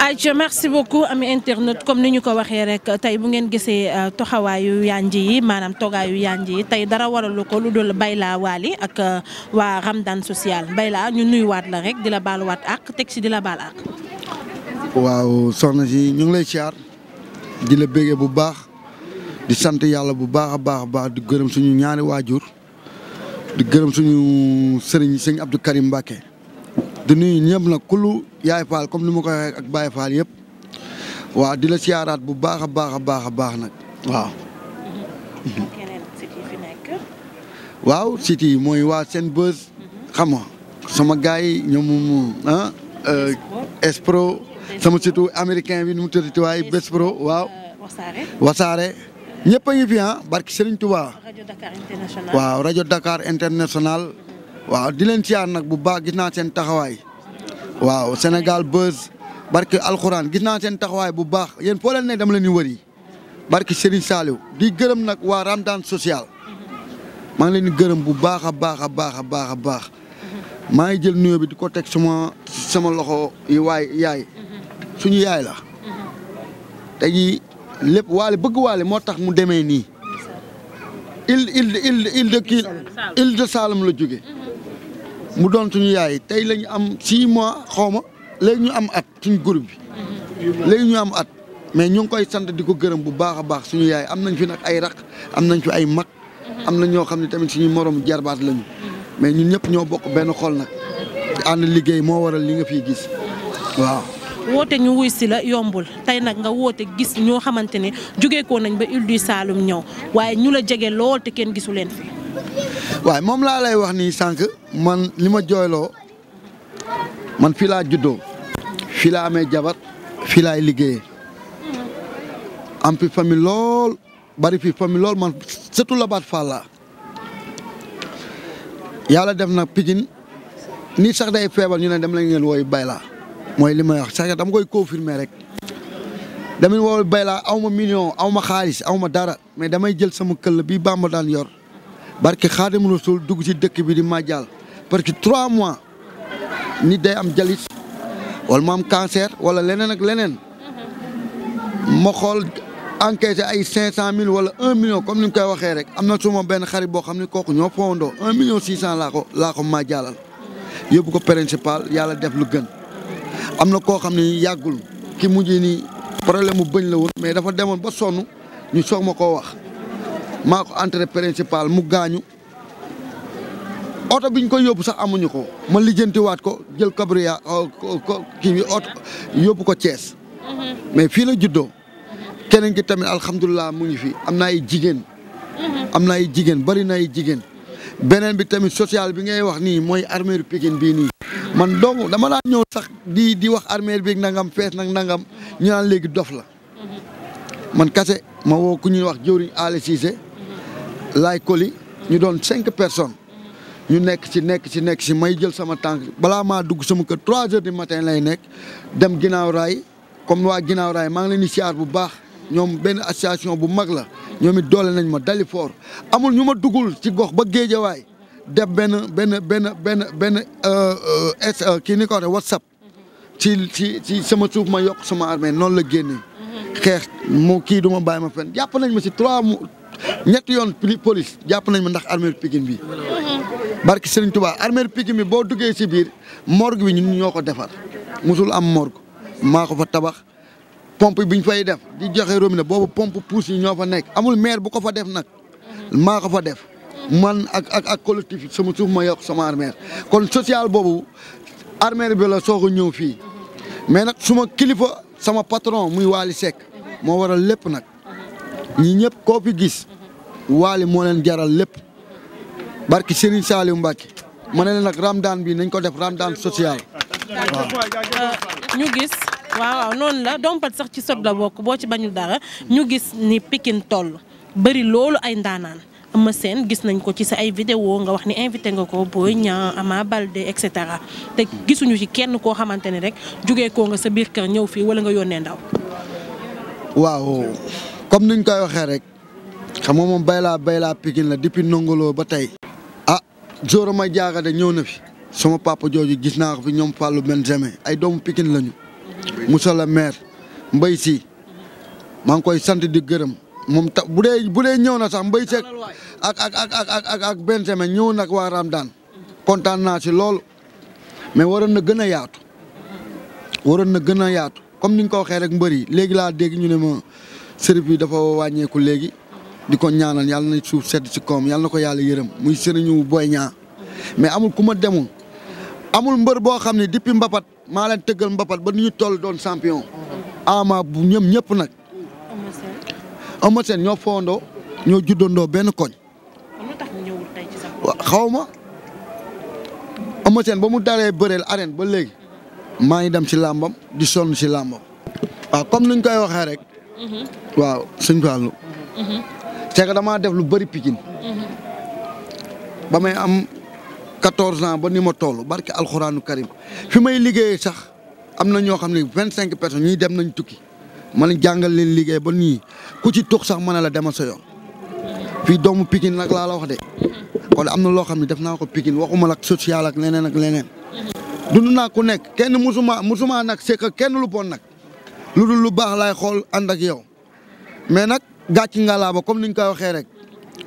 ayca merci beaucoup ami internet comme ni ñu ko waxee rek tey bu ngeen gisee euh, toxawayu yanji yi toga togaayu yanji yi dara waral ko lu dul Bayla wali ak euh, wa Ramadan social Bayla ñu wat la rek di la wat ak tek ci di la ak. waaw soxna si ñu ngi lay ciar di la béggee bu baax di sante yalla bu baax baax baax di gërëm suñu ñaari wajur di gërëm suñu serigne serigne Abdou Karim mbake di nuyu ñëpp nag kullu yaay faal comme ni ma ko waxee ak baay faal yëpp waaw di la siyaaraat bu baax a baax a baax a baax nag waaw. waaw yi mooy waa seen bës xam nga sama gars yi ñoom ah, euh, sama site américain bi nu mu tëddati waaye Bespro waaw. Euh, Wasaare. ñëpp a ngi fi ah barki Serigne waaw rajo Dakar international. waaw di leen siyaar nag bu baax gis naa seen taxawaay waaw Sénégal Buzz barke alxuraan gis naa seen taxawaay bu baax yéen foo leen ne dama leen di wëri barke Serigne Saliou di gërëm nag waa Ramadan social maa ngi leen di gërëm bu baax a baax a baax a baax a baax maa ngi jël nuyoo bi di ko teg suma sama loxo yi waay yaay suñu yaay la te ji lépp waale bëgg waale moo tax mu demee nii. il il il il de kii la jóge mu doon suñu yaay tey lañu am 6 mois xaw ma léegi ñu am at suñu groupe bi léegi ñu am at mais ñu ngi koy sant di ko gërëm bu baax a baax suñu yaay am nañ fi nag ay raq am nañ fi ay mag am na ñoo xam ne tamit suñu morom jarbaat lañu mais ñun ñëpp ñoo bokk benn xol nag ànd liggéey moo waral li nga fiy gis waaw. woote ñu wuy si la yombul tey nag nga woote gis ñoo xamante ne jógeekoo nañ ba Île du ñëw waaye ñu la jege lool te kenn gisu leen fi. waay mom la lay wax ni sank man lima joylo man fi la juddo fi la amé jabar fi familol, liggéeyee am fi fami lol bari fi fami lol man setul la bat fala yalla def na Pikine ni sax day febal ñu ne dem lañ ngeen woy Bayla moy lima wax sax dama koy confirmer rek demin wooyu Bayla awma ma million awma khalis awma dara mais damay jël sama keul bi Bamba dal yor barke Xaadimu Rasuul dugg ci dëkk bi di màjjal parce que trois mois nit day am jalis wala mu am cancer wala leneen ak leneen ma xool encaissé ay cinq cent mille wala un million comme ni mu koy waxee rek am na suma benn xarit boo xam ne kooku ñoo fondoo un million six cent laa ko laa ko màjjalal yóbbu ko principal yàlla def lu gën am na koo xam ne yàggul ki mujj nii problème mu bëñ la woon mais dafa demoon ba sonn ñu soog ma koo wax mako entrée principale mu gañu auto biñ ko yobbu sax amuñu ko ma wat ko jël cabria euh, kii bi auto yobbu ko Thiès mm-hmm. mais fi la juddo keneen ki tamit alhamdullah mu ngi fi amna ay jigen mm-hmm. amna ay jigen bari na ay jigen benen bi tamit social bi ngay wax ni moy armée bi ni man dong dama la ñew sax di di wax armée bi nangam fess nangam nangam ñaan legi dof la mm-hmm. man kasse ma wo ku ñuy wax Cissé laay koli ñu doon cinq personnes ñu nekk ci nekk ci nekk ci may jël sama tànk balaa maa dugg sama kër trois heures di matin lay nekk dem ginnaaw raay comme waa ginnaaw raay maa ngi leen di siyaar bu baax ñoom benn association bu mag la ñoom it doole nañ ma dali foor amul ñu ma duggul ci gox ba géejawaay def benn benn benn benn benn euh, euh, s euh, kii ni ko waxee whatsapp ci ci ci sama suuf ma yokk sama armée noonu la génnee xeex mu kii du ma bàyyi ma fen jàpp nañ ma si ñetti yoon police jàpp nañ ma ndax armée pikin bi barki Serigne Touba armée Pikine bi boo duggee si biir morgue bi ñun ñoo ko defar musul am morgue maako ko fa tabax pompe bi ñu fay def di joxe robinet boobu pompe pousse yi ñoo fa nekk amul maire bu ko fa def nag maa ko fa def man ak ak ak collectif sama suuf ma yokk sama armée kon social boobu armée bi la soog a ñëw fii mais nag suma kilifa sama patron muy Waly Seck moo waral lépp nag. ñi ñëpp koo fi gis waali moo leen jaral lépp barki Serigne Saliou Mbacke ma ne leen nag ramadan bi nañ ko def ramadan social waaw ñu gis waaw waaw noonu la dompat sax ci sot la bokk boo ci bañul dara ñu gis ni pikin toll bari loolu ay ndaanaan Eumeu Sène gis nañ ko ci sa ay vidéo nga wax ni invité nga ko Boy Niang Ama Baldé et cetera te gisuñu ci kenn koo xamante ne rek jóge koo nga sa biir kër ñëw fii wala nga yónnee ndaw comme niñ koy waxee rek xam nga moom Bayla Bayla pikin la depuis nongoloo ba tey. ah Zoro ma jaaga de ñëw na fi sama papa jooju gis naa ko fi ñoom Fallou Benzema ay doomu Pikine lañu. Moussa la maire Mbaye si maa ngi koy sant di gërëm moom ta bu dee bu dee ñëw na sax mbay si ak ak ak ak ak ak Benzema ñëw nag waa daan kontaan naa si loolu mais waroon na gën a yaatu waroon na gën a yaatu comme ni nga ko waxee rek mbër yi léegi laa dégg ñu ne ma. sërif bi dafa wàññeeku léegi di ko ñaanal yàlla na suuf sedd ci koom yàlla na ko yàlla yërëm muy sëriñu Boy Niang mais amul ku ma demul amul mbër boo xam ne depuis Mbapat maa leen tëggal Mbapat ba nu ñu toll doon champion ama bu ñëm ñëpp nag. Eumeu Sène ñoo foondoo ñoo juddandoo benn koñ. xawma ma Eumeu ba mu daree bëreel arène ba léegi maa ngi dem si làmbam di sonn si làmbam waaw comme ni ñu koy waxee rek. Mm-hmm. waaw sëñ Fallou. Mm-hmm. c'est que damaa def lu bëri Pikine. Mm-hmm. ba may am quatorze ans ba ni ma toll barke alxuraanu karim fi may liggéeyee sax am na ñoo xam ne vingt cinq personnes ñii dem nañ tukki man jàngal leen liggéey ba nii ku ci tux sax mën a la demal sa yoon. fii doomu Pikine nag laa la wax de. kon am na loo xam ne def naa ko Pikine waxuma lak social ak leneen ak leneen. dund naa ku nekk kenn musuma musuma nag c'est kenn lu bon nag. lu dul lu baax laay xool ànd ak yow mais nag laa ma comme niñ koy waxee rek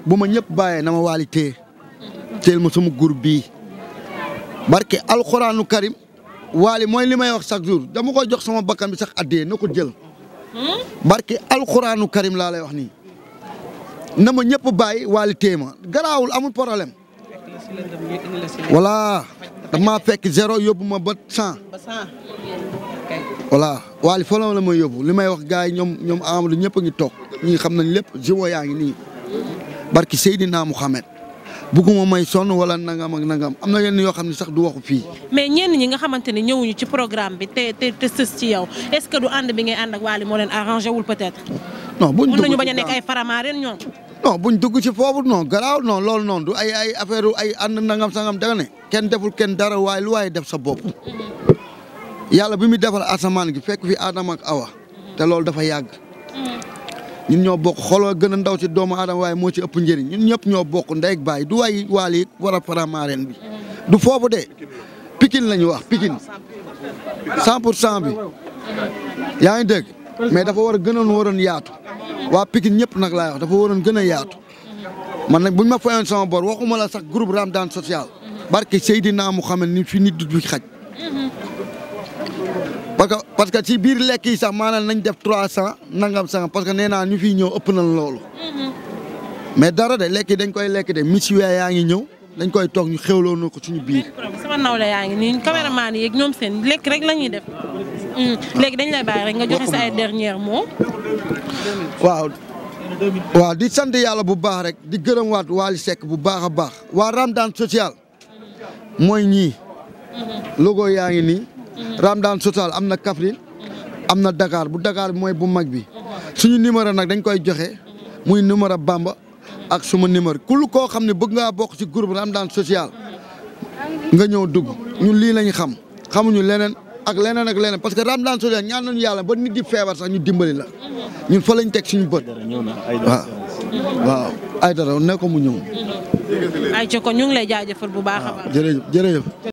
bu ma ñëpp bàyyee na ma waali téye teel ma sama groupe bii barke alxuraanu karim waali mooy li may wax chaque jour dama koy jox sama bakkan bi sax addee na ko jël barke alxuraanu karim laa lay wax nii na ma ñëpp bàyyi waali téye ma garaawul amul problème voilà daf fekk zéro yóbbu ma ba cent voilà Waly foo la may yóbbu li may wax gars yi ñoom ñoom Amadou ñëpp a toog ñi xam nañ lépp jiwo yaa ngi nii barki Seydina Mouhamed bugguma mooy sonn wala nangam ak nangam am na yenn yoo xam ne sax du waxu fii. mais ñenn ñi nga xamante ne ñëwuñu ci programme bi te te te sës ci yow es ce que du ànd bi ngay ànd ak Waly moo leen arrangé wul peut-être. non buñ dugg ci bañ a ay faramaareen ñoom. non buñ dugg ci foofu non garaaw non loolu noonu du ay ay affaire ay ànd nangam sangam danga ne kenn deful kenn dara waaye lu waaye def sa bopp. Mm-hmm. yàlla bi mu defal asamaan gi fekk fi Adama ak Awa te loolu dafa yàgg. ñun ñoo bokk xooloo gën a ndaw ci doomu aadama waaye moo ci ëpp njëriñ ñun ñëpp ñoo bokk ndey ak baay du waay waal yi war a bi du foofu de Pikine la ñu wax Pikine cent cent bi yaa ngi dégg mais dafa war a nu waroon yaatu waa Pikine ñëpp nag laay wax dafa waroon gën a yaatu man nag buñ ma fayoon sama bor waxuma la sax groupe Ramadan social barke Seydina Muhammad ni fi nit du xaj parce que parce que ci bir lekk yi sax maanaam nañ def trois nangam sang parce que nee ñu fi ëpp nañ loolu. Mm-hmm. mais dara de lekk yi dañ koy lekk de misiwee ya ngi ñëw dañ koy tok ñu xewlo na ko ñu bir sama nawle yaa ngi nii caméraman yeeg ñoom seen lekk rek def. Mm-hmm. dañ lay rek nga joxe sa ay dernier mot. waaw. waaw di sante yalla bu baax rek di gëreum waat wali Seck bu baax baax wa Ramadan social. moy mm-hmm. ñi logo ya ngi Ramadan social am na Kaffrine am na Dakar bu Dakar mooy bu mag bi suñu numéro nag dañ koy joxe muy numéro bàmba ak suma numéro kul koo xam ne bëgg ngaa bokk ci groupe Ramadan social nga ñëw dugg ñun lii lañ xam xamuñu leneen ak leneen ak leneen parce que Ramadan social ñaan nañu yàlla ba nit di feebar sax ñu dimbali la ñun fa lañu teg suñu bët waaw waaw ay dara ne ko mu ñëw. ay ci ko ñu ngi lay jaajëfal bu baax a baax jërëjëf